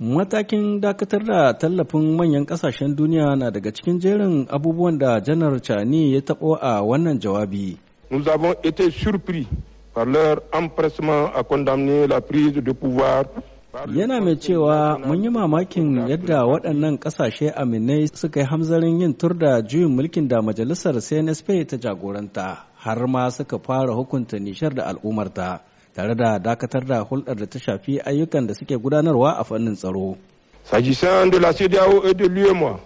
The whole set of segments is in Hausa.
Matakin dakatar da tallafin manyan kasashen duniya na daga cikin jerin abubuwan da janar Chani ya taɓo a wannan jawabi. Nous avons été surpris par leur empressement à condamner la prise de pouvoir Yana mai cewa mun yi mamakin yadda waɗannan ƙasashe aminai suka yi hamzarin yin tur da juyin mulkin da majalisar CNSP ta jagoranta har ma suka fara hukunta nishar da al'ummarta. S'agissant de la CDAO et de l'UEMOA,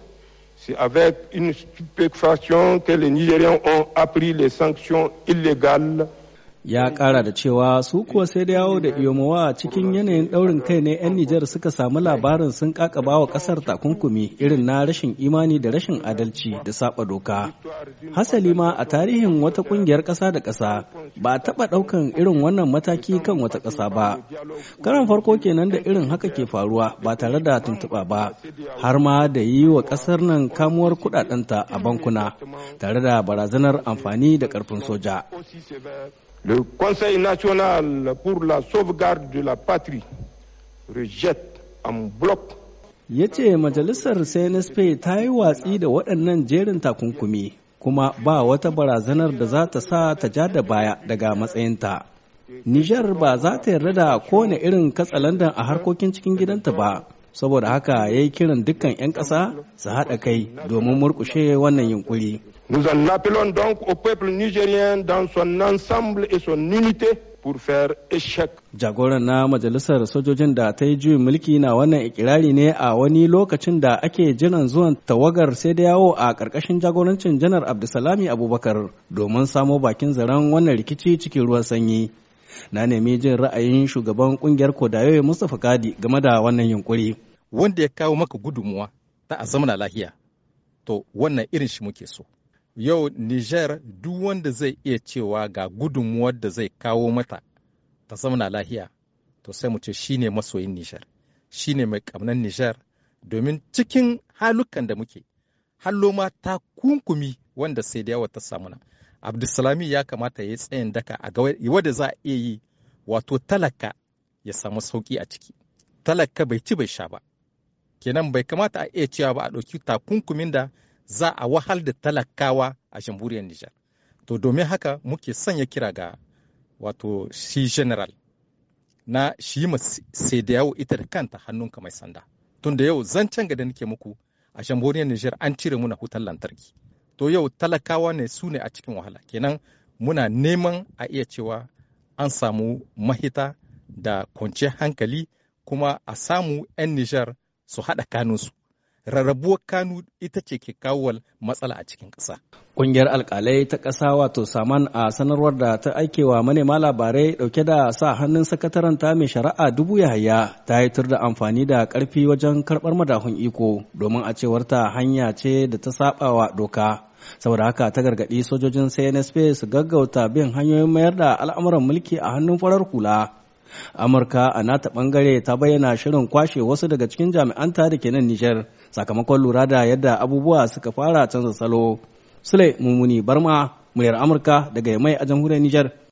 c'est avec une stupéfaction que les Nigériens ont appris les sanctions illégales ya kara da cewa su kuwa sai da yawo da iyomowa cikin yanayin daurin kai ne 'yan nijar suka samu labarin sun kakaba wa kasar takunkumi irin na rashin imani da rashin adalci da saba doka hasali ma a tarihin wata kungiyar kasa da kasa ba a taba daukan irin wannan mataki kan wata kasa ba karan farko kenan da irin haka ke faruwa ba tare da tuntuɓa ba har ma da yi wa kasar nan kamuwar kudadenta a bankuna tare da barazanar amfani da karfin soja Le Conseil national pour la sauvegarde de la patrie rejette en bloc ya ce majalisar CNSP ta yi watsi da waɗannan jerin takunkumi kuma ba wata barazanar da za ta sa ta ja da baya daga matsayinta. Nijar ba za ta yarda da kowane irin katsalandan a harkokin cikin gidanta ba, saboda haka ya yi kiran dukkan 'yan ƙasa su haɗa kai domin murƙushe wannan yunkuri. Nous en appelons donc au peuple nigérien dans son ensemble et son unité faire échec. Jagoran na majalisar sojojin da ta yi juyin mulki na wannan ikirari ne a wani lokacin da ake jiran zuwan tawagar sai da yawo a ƙarƙashin jagorancin janar Abdulsalami Abubakar domin samo bakin zaren wannan rikici cikin ruwan sanyi. Na nemi jin ra'ayin shugaban kungiyar Kodayoyi Mustapha Kadi game da wannan yunkuri. Wanda ya kawo maka gudunmuwa ta a lahiya, to wannan irin shi muke so. yau niger duk wanda zai iya cewa ga gudunmuwar da zai kawo mata ta zauna lahiya to sai mu ce shine masoyin niger shine mai kamnan niger domin cikin halukan da muke halloma ta kunkumi wanda sai da yawa ta samuna abdulsalami ya kamata ya yi tsayin daka a wadda za a iya yi wato talaka ya samu sauki a ciki talaka bai ci bai sha ba kenan bai kamata a iya cewa ba a ɗauki takunkumin da za a wahal da talakawa a jamhuriyar Nijar. To domin haka muke sanya kira ga wato shi general na shi sai da yawo ita da kanta hannunka mai sanda. tunda yau zancen ga da nake muku a jamhuriyar Nijar an cire muna hutar lantarki. To yau talakawa ne su ne a cikin wahala kenan muna neman a iya cewa an samu mahita da kwanciyar hankali kuma a samu 'yan Nijar su haɗa kanunsu. rarrabuwar kanu ita ce ke kawo matsala a cikin ƙasa. Ƙungiyar alkalai ta ƙasa wato saman a sanarwar da ta aikewa manema labarai ɗauke da sa hannun sakataren ta mai shari'a dubu yahaya ta haitar da amfani da ƙarfi wajen karɓar madahun iko domin a cewar ta hanya ce da ta saɓa wa doka. saboda haka ta gargaɗi sojojin cnsp su gaggauta bin hanyoyin mayar da al'amuran mulki a hannun farar hula amurka a nata bangare ta bayyana shirin kwashe wasu daga cikin jami'anta da ke nan nijar sakamakon lura da yadda abubuwa suka fara canza salo sule mummuni barma muryar amurka daga mai a jamhuriyar nijar